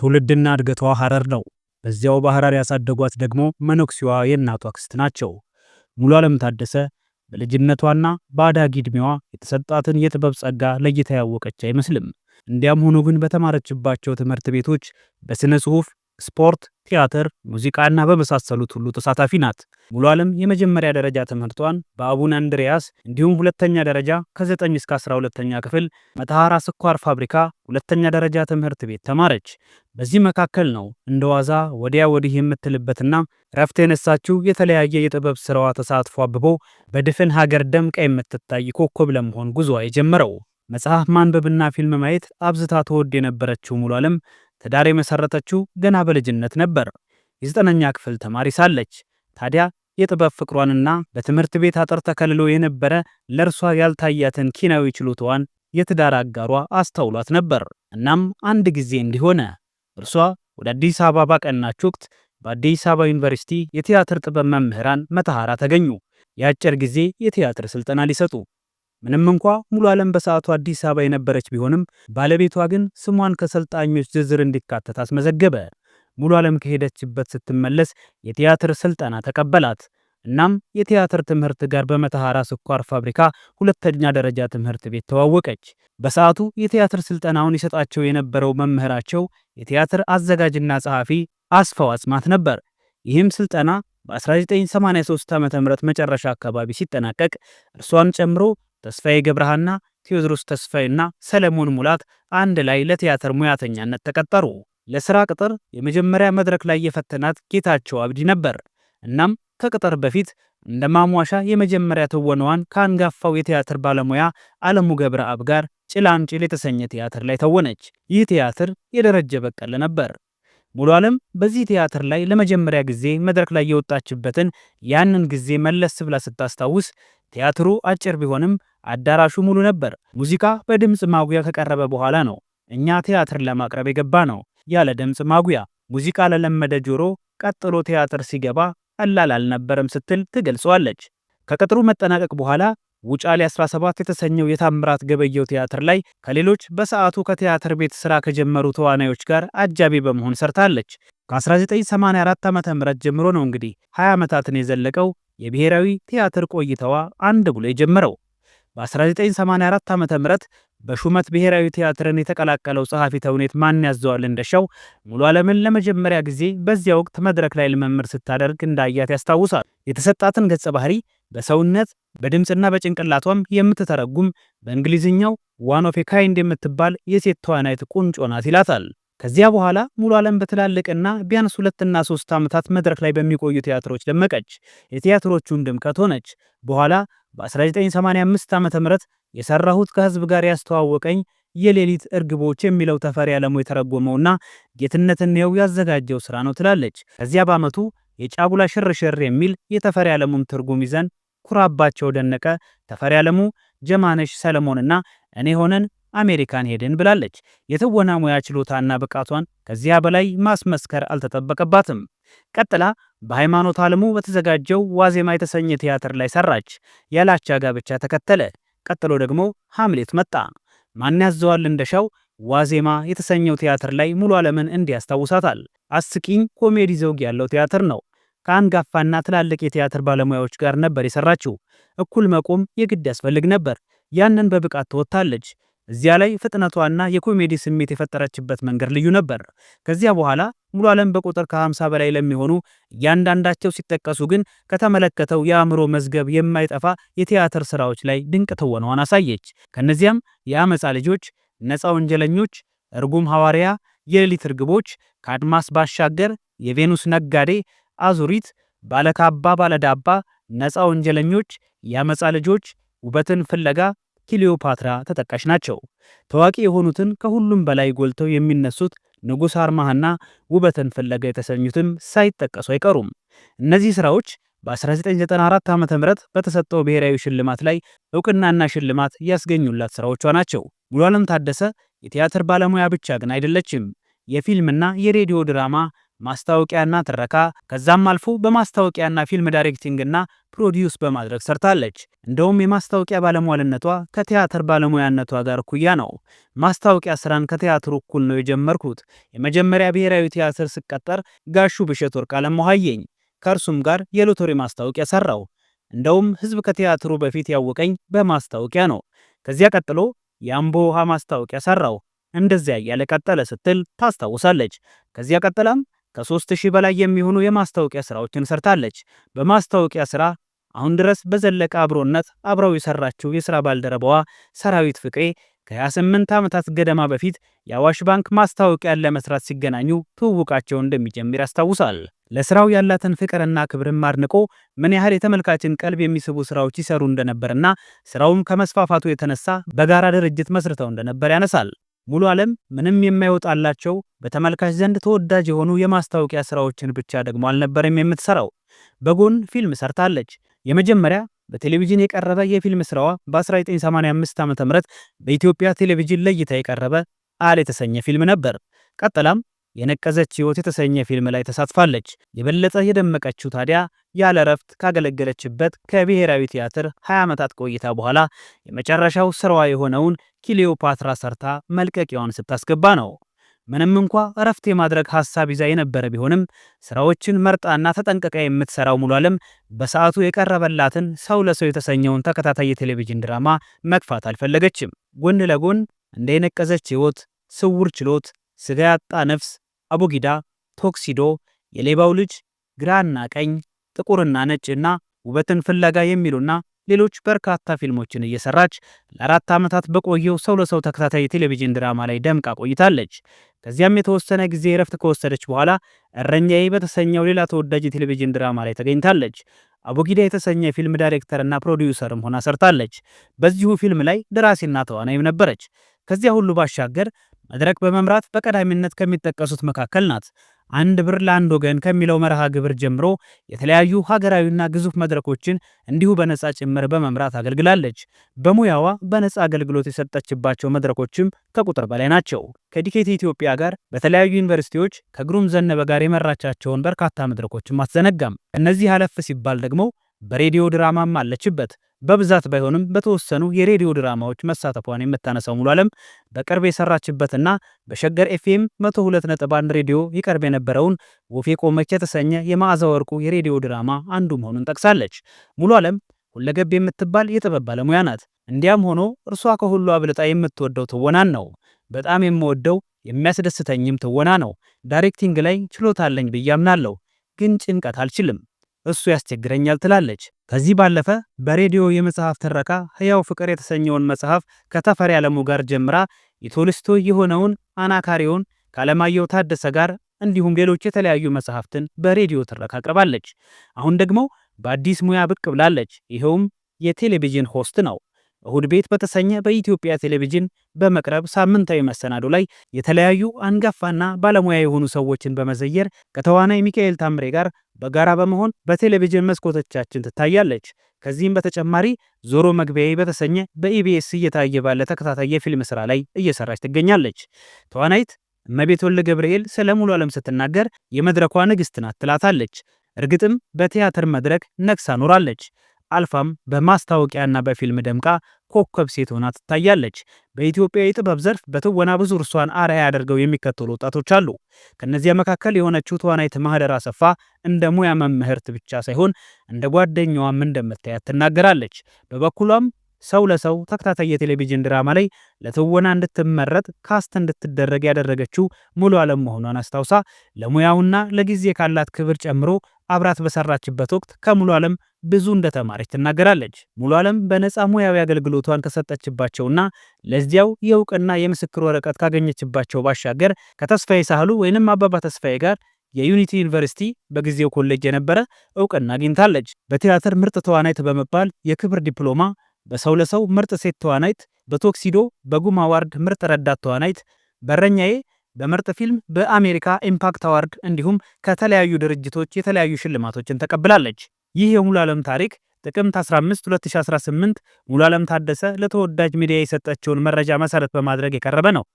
ትውልድና እድገቷ ሐረር ነው። በዚያው በሐረር ያሳደጓት ደግሞ መነኩሴዋ የእናቷ ክስት ናቸው። ሙሉ ዓለም ታደሰ በልጅነቷና በአዳጊ ዕድሜዋ የተሰጣትን የጥበብ ጸጋ ለይታ ያወቀች አይመስልም። እንዲያም ሆኖ ግን በተማረችባቸው ትምህርት ቤቶች በሥነ ጽሑፍ ስፖርት፣ ቲያትር፣ ሙዚቃና በመሳሰሉት ሁሉ ተሳታፊ ናት። ሙሉ ዓለም የመጀመሪያ ደረጃ ትምህርቷን በአቡነ አንድሪያስ እንዲሁም ሁለተኛ ደረጃ ከ9 እስከ 12ኛ ክፍል መተሐራ ስኳር ፋብሪካ ሁለተኛ ደረጃ ትምህርት ቤት ተማረች። በዚህ መካከል ነው እንደ ዋዛ ወዲያ ወዲህ የምትልበትና ረፍት የነሳችው የተለያየ የጥበብ ስራዋ ተሳትፎ አብቦ በድፍን ሀገር ደምቃ የምትታይ ኮከብ ለመሆን ጉዞ የጀመረው። መጽሐፍ ማንበብና ፊልም ማየት አብዝታ ተወድ የነበረችው ሙሉ ዓለም ትዳር የመሰረተችው ገና በልጅነት ነበር። የዘጠነኛ ክፍል ተማሪ ሳለች ታዲያ የጥበብ ፍቅሯንና በትምህርት ቤት አጥር ተከልሎ የነበረ ለእርሷ ያልታያትን ኪናዊ ችሎታዋን የትዳር አጋሯ አስተውሏት ነበር። እናም አንድ ጊዜ እንዲሆነ እርሷ ወደ አዲስ አበባ ባቀናች ወቅት በአዲስ አበባ ዩኒቨርሲቲ የቲያትር ጥበብ መምህራን መተሐራ ተገኙ። የአጭር ጊዜ የቲያትር ስልጠና ሊሰጡ ምንም እንኳ ሙሉ ዓለም በሰዓቱ አዲስ አበባ የነበረች ቢሆንም ባለቤቷ ግን ስሟን ከሰልጣኞች ዝርዝር እንዲካተት አስመዘገበ። ሙሉ ዓለም ከሄደችበት ስትመለስ የቲያትር ስልጠና ተቀበላት። እናም የቲያትር ትምህርት ጋር በመተሐራ ስኳር ፋብሪካ ሁለተኛ ደረጃ ትምህርት ቤት ተዋወቀች። በሰዓቱ የቲያትር ስልጠናውን ይሰጣቸው የነበረው መምህራቸው የቲያትር አዘጋጅና ጸሐፊ አስፋው አጽማት ነበር። ይህም ስልጠና በ1983 ዓ ም መጨረሻ አካባቢ ሲጠናቀቅ እርሷን ጨምሮ ተስፋዬ ገብረሃና ቴዎድሮስ ተስፋዬና ሰለሞን ሙላት አንድ ላይ ለቲያትር ሙያተኛነት ተቀጠሩ። ለስራ ቅጥር የመጀመሪያ መድረክ ላይ የፈተናት ጌታቸው አብዲ ነበር። እናም ከቅጥር በፊት እንደ ማሟሻ የመጀመሪያ ትወነዋን ከአንጋፋው የቲያትር ባለሙያ አለሙ ገብረአብ ጋር ጭላንጭል የተሰኘ ቲያትር ላይ ተወነች። ይህ ቲያትር የደረጀ በቀለ ነበር። ሙሉ ዓለም በዚህ ቲያትር ላይ ለመጀመሪያ ጊዜ መድረክ ላይ የወጣችበትን ያንን ጊዜ መለስ ብላ ስታስታውስ ቲያትሩ አጭር ቢሆንም አዳራሹ ሙሉ ነበር። ሙዚቃ በድምፅ ማጉያ ከቀረበ በኋላ ነው እኛ ቲያትር ለማቅረብ የገባ ነው። ያለ ድምፅ ማጉያ ሙዚቃ ለለመደ ጆሮ ቀጥሎ ቲያትር ሲገባ ቀላል አልነበረም ስትል ትገልጸዋለች። ከቅጥሩ መጠናቀቅ በኋላ ውጫሌ 17 የተሰኘው የታምራት ገበየው ቲያትር ላይ ከሌሎች በሰዓቱ ከቲያትር ቤት ስራ ከጀመሩ ተዋናዮች ጋር አጃቢ በመሆን ሰርታለች። ከ1984 ዓ.ም ጀምሮ ነው እንግዲህ 20 ዓመታትን የዘለቀው የብሔራዊ ቲያትር ቆይታዋ አንድ ብሎ የጀመረው። በ1984 ዓ.ም በሹመት ብሔራዊ ቲያትርን የተቀላቀለው ጸሐፊ ተውኔት ማን ያዘዋል እንደሻው ሙሉ ዓለምን ለመጀመሪያ ጊዜ በዚያ ወቅት መድረክ ላይ ልምምድ ስታደርግ እንዳያት ያስታውሳል። የተሰጣትን ገጸ ባህሪ በሰውነት በድምፅና በጭንቅላቷም የምትተረጉም በእንግሊዝኛው ዋን ኦፍ ኤ ካይንድ የምትባል የሴት ተዋናይት ቁንጮ ናት ይላታል። ከዚያ በኋላ ሙሉ ዓለም በትላልቅና ቢያንስ ሁለትና ሶስት ዓመታት መድረክ ላይ በሚቆዩ ቲያትሮች ደመቀች፣ የቲያትሮቹም ድምቀት ሆነች። በኋላ በ1985 ዓ ም የሰራሁት ከህዝብ ጋር ያስተዋወቀኝ የሌሊት እርግቦች የሚለው ተፈሪ ዓለሙ የተረጎመውና ጌትነት እንየው ያዘጋጀው ስራ ነው ትላለች። ከዚያ በዓመቱ የጫጉላ ሽርሽር የሚል የተፈሪ ዓለሙን ትርጉም ይዘን ኩራባቸው ደነቀ፣ ተፈሪ ዓለሙ፣ ጀማነሽ ሰለሞንና እኔ ሆነን አሜሪካን ሄድን ብላለች። የትወና ሙያ ችሎታና ብቃቷን ከዚያ በላይ ማስመስከር አልተጠበቀባትም። ቀጥላ በሃይማኖት አለሙ በተዘጋጀው ዋዜማ የተሰኘ ቲያትር ላይ ሰራች። ያላቻ ጋብቻ ተከተለ። ቀጥሎ ደግሞ ሐምሌት መጣ። ማን ያዘዋል እንደሻው ዋዜማ የተሰኘው ቲያትር ላይ ሙሉ ዓለምን እንዲያስታውሳታል። አስቂኝ ኮሜዲ ዘውግ ያለው ቲያትር ነው። ከአንጋፋና ትላልቅ የቲያትር ባለሙያዎች ጋር ነበር የሰራችው። እኩል መቆም የግድ ያስፈልግ ነበር። ያንን በብቃት ተወጥታለች። እዚያ ላይ ፍጥነቷና የኮሜዲ ስሜት የፈጠረችበት መንገድ ልዩ ነበር። ከዚያ በኋላ ሙሉ ዓለም በቁጥር ከ50 በላይ ለሚሆኑ እያንዳንዳቸው ሲጠቀሱ ግን ከተመለከተው የአእምሮ መዝገብ የማይጠፋ የቲያትር ስራዎች ላይ ድንቅ ትወናዋን አሳየች። ከነዚያም የአመፃ ልጆች፣ ነፃ ወንጀለኞች፣ እርጉም ሐዋርያ፣ የሌሊት እርግቦች፣ ከአድማስ ባሻገር፣ የቬኑስ ነጋዴ፣ አዙሪት፣ ባለካባ ባለዳባ፣ ነፃ ወንጀለኞች፣ የአመፃ ልጆች፣ ውበትን ፍለጋ ክሊዮፓትራ ተጠቃሽ ናቸው። ታዋቂ የሆኑትን ከሁሉም በላይ ጎልተው የሚነሱት ንጉሥ አርማህና ውበትን ፍለጋ የተሰኙትም ሳይጠቀሱ አይቀሩም። እነዚህ ሥራዎች በ1994 ዓ ም በተሰጠው ብሔራዊ ሽልማት ላይ እውቅናና ሽልማት ያስገኙላት ሥራዎቿ ናቸው። ሙሉዓለም ታደሰ የቲያትር ባለሙያ ብቻ ግን አይደለችም። የፊልምና የሬዲዮ ድራማ ማስታወቂያና ትረካ ከዛም አልፎ በማስታወቂያና ፊልም ዳይሬክቲንግና ፕሮዲዩስ በማድረግ ሰርታለች። እንደውም የማስታወቂያ ባለሟልነቷ ከቲያትር ባለሙያነቷ ጋር እኩያ ነው። ማስታወቂያ ስራን ከቲያትሩ እኩል ነው የጀመርኩት። የመጀመሪያ ብሔራዊ ቲያትር ስቀጠር ጋሹ ብሸት ወርቅ አለማዋየኝ ከእርሱም ጋር የሎተሪ ማስታወቂያ ሰራው። እንደውም ህዝብ ከቲያትሩ በፊት ያወቀኝ በማስታወቂያ ነው። ከዚያ ቀጥሎ የአምቦ ውሃ ማስታወቂያ ሰራው። እንደዚያ እያለ ቀጠለ ስትል ታስታውሳለች። ከዚያ ቀጥላም ከሶስት ሺህ በላይ የሚሆኑ የማስታወቂያ ስራዎችን ሰርታለች። በማስታወቂያ ስራ አሁን ድረስ በዘለቀ አብሮነት አብረው የሰራችው የስራ ባልደረባዋ ሰራዊት ፍቅሬ ከ28 ዓመታት ገደማ በፊት የአዋሽ ባንክ ማስታወቂያን ለመስራት ሲገናኙ ትውውቃቸው እንደሚጀምር ያስታውሳል። ለስራው ያላትን ፍቅርና ክብርም አድንቆ ምን ያህል የተመልካችን ቀልብ የሚስቡ ስራዎች ይሰሩ እንደነበርና ስራውም ከመስፋፋቱ የተነሳ በጋራ ድርጅት መስርተው እንደነበር ያነሳል። ሙሉ ዓለም ምንም የማይወጣላቸው በተመልካች ዘንድ ተወዳጅ የሆኑ የማስታወቂያ ስራዎችን ብቻ ደግሞ አልነበረም የምትሰራው። በጎን ፊልም ሰርታለች። የመጀመሪያ በቴሌቪዥን የቀረበ የፊልም ስራዋ በ1985 ዓ.ም በኢትዮጵያ ቴሌቪዥን ለእይታ የቀረበ አል የተሰኘ ፊልም ነበር። ቀጥላም የነቀዘች ሕይወት የተሰኘ ፊልም ላይ ተሳትፋለች። የበለጠ የደመቀችው ታዲያ ያለ እረፍት ካገለገለችበት ከብሔራዊ ቲያትር 20 ዓመታት ቆይታ በኋላ የመጨረሻው ስራዋ የሆነውን ኪሊዮፓትራ ሰርታ መልቀቂያዋን ስታስገባ ነው። ምንም እንኳ እረፍት የማድረግ ሀሳብ ይዛ የነበረ ቢሆንም ስራዎችን መርጣና ተጠንቀቃ የምትሰራው ሙሉ ዓለም በሰዓቱ የቀረበላትን ሰው ለሰው የተሰኘውን ተከታታይ የቴሌቪዥን ድራማ መግፋት አልፈለገችም። ጎን ለጎን እንደ የነቀዘች ሕይወት፣ ስውር ችሎት፣ ስጋ ያጣ ነፍስ፣ አቡጊዳ፣ ቶክሲዶ፣ የሌባው ልጅ፣ ግራና ቀኝ፣ ጥቁርና ነጭ እና ውበትን ፍለጋ የሚሉና ሌሎች በርካታ ፊልሞችን እየሰራች ለአራት ዓመታት በቆየው ሰው ለሰው ተከታታይ የቴሌቪዥን ድራማ ላይ ደምቃ ቆይታለች። ከዚያም የተወሰነ ጊዜ እረፍት ከወሰደች በኋላ እረኛዬ በተሰኘው ሌላ ተወዳጅ የቴሌቪዥን ድራማ ላይ ተገኝታለች። አቡጊዳ የተሰኘ ፊልም ዳይሬክተርና ፕሮዲውሰርም ሆና ሰርታለች። በዚሁ ፊልም ላይ ደራሲና ተዋናይም ነበረች። ከዚያ ሁሉ ባሻገር መድረክ በመምራት በቀዳሚነት ከሚጠቀሱት መካከል ናት። አንድ ብር ለአንድ ወገን ከሚለው መርሃ ግብር ጀምሮ የተለያዩ ሀገራዊና ግዙፍ መድረኮችን እንዲሁ በነጻ ጭምር በመምራት አገልግላለች። በሙያዋ በነጻ አገልግሎት የሰጠችባቸው መድረኮችም ከቁጥር በላይ ናቸው። ከዲኬት ኢትዮጵያ ጋር በተለያዩ ዩኒቨርሲቲዎች ከግሩም ዘነበ ጋር የመራቻቸውን በርካታ መድረኮችም አትዘነጋም። እነዚህ አለፍ ሲባል ደግሞ በሬዲዮ ድራማም አለችበት። በብዛት ባይሆንም በተወሰኑ የሬዲዮ ድራማዎች መሳተፏን የምታነሳው ሙሉ አለም በቅርብ የሰራችበትና በሸገር ኤፍኤም 102.1 ሬዲዮ ይቀርብ የነበረውን ወፌ ቆመች የተሰኘ የመዓዛ ወርቁ የሬዲዮ ድራማ አንዱ መሆኑን ጠቅሳለች። ሙሉ አለም ሁለገብ የምትባል የጥበብ ባለሙያ ናት። እንዲያም ሆኖ እርሷ ከሁሉ አብልጣ የምትወደው ትወናን ነው። በጣም የምወደው የሚያስደስተኝም ትወና ነው። ዳይሬክቲንግ ላይ ችሎታ አለኝ ብዬ አምናለሁ፣ ግን ጭንቀት አልችልም፣ እሱ ያስቸግረኛል ትላለች። ከዚህ ባለፈ በሬዲዮ የመጽሐፍ ትረካ ሕያው ፍቅር የተሰኘውን መጽሐፍ ከተፈሪ ዓለሙ ጋር ጀምራ የቶልስቶይ የሆነውን አናካሪውን ከአለማየሁ ታደሰ ጋር እንዲሁም ሌሎች የተለያዩ መጽሐፍትን በሬዲዮ ትረካ አቅርባለች። አሁን ደግሞ በአዲስ ሙያ ብቅ ብላለች። ይኸውም የቴሌቪዥን ሆስት ነው። እሁድ ቤት በተሰኘ በኢትዮጵያ ቴሌቪዥን በመቅረብ ሳምንታዊ መሰናዶ ላይ የተለያዩ አንጋፋና ባለሙያ የሆኑ ሰዎችን በመዘየር ከተዋናይ ሚካኤል ታምሬ ጋር በጋራ በመሆን በቴሌቪዥን መስኮቶቻችን ትታያለች። ከዚህም በተጨማሪ ዞሮ መግቢያዬ በተሰኘ በኢቢኤስ እየታየ ባለ ተከታታይ የፊልም ስራ ላይ እየሰራች ትገኛለች። ተዋናይት እመቤት ወልደ ገብርኤል ስለ ሙሉ ዓለም ስትናገር የመድረኳ ንግሥት ናት ትላታለች። እርግጥም በቲያትር መድረክ ነግሳ ኖራለች። አልፋም በማስታወቂያና በፊልም ደምቃ ኮከብ ሴት ሆና ትታያለች። በኢትዮጵያ የጥበብ ዘርፍ በትወና ብዙ እርሷን አርአያ አድርገው የሚከተሉ ወጣቶች አሉ። ከእነዚያ መካከል የሆነችው ተዋናይት ማህደር አሰፋ እንደ ሙያ መምህርት ብቻ ሳይሆን እንደ ጓደኛዋም እንደምታያት ትናገራለች። በበኩሏም ሰው ለሰው ተከታታይ የቴሌቪዥን ድራማ ላይ ለትወና እንድትመረጥ ካስት እንድትደረግ ያደረገችው ሙሉ ዓለም መሆኗን አስታውሳ ለሙያውና ለጊዜ ካላት ክብር ጨምሮ አብራት በሰራችበት ወቅት ከሙሉ ዓለም ብዙ እንደተማረች ትናገራለች። ሙሉ ዓለም በነፃ ሙያዊ አገልግሎቷን ከሰጠችባቸውና ለዚያው የእውቅና የምስክር ወረቀት ካገኘችባቸው ባሻገር ከተስፋዬ ሳህሉ ወይንም አባባ ተስፋዬ ጋር የዩኒቲ ዩኒቨርሲቲ በጊዜው ኮሌጅ የነበረ እውቅና አግኝታለች። በቲያትር ምርጥ ተዋናይት በመባል የክብር ዲፕሎማ በሰው ለሰው ምርጥ ሴት ተዋናይት፣ በቶክሲዶ በጉም አዋርድ ምርጥ ረዳት ተዋናይት፣ በረኛዬ በምርጥ ፊልም በአሜሪካ ኢምፓክት አዋርድ እንዲሁም ከተለያዩ ድርጅቶች የተለያዩ ሽልማቶችን ተቀብላለች። ይህ የሙሉ ዓለም ታሪክ ጥቅምት 15 2018 ሙሉ ዓለም ታደሰ ለተወዳጅ ሚዲያ የሰጠችውን መረጃ መሰረት በማድረግ የቀረበ ነው።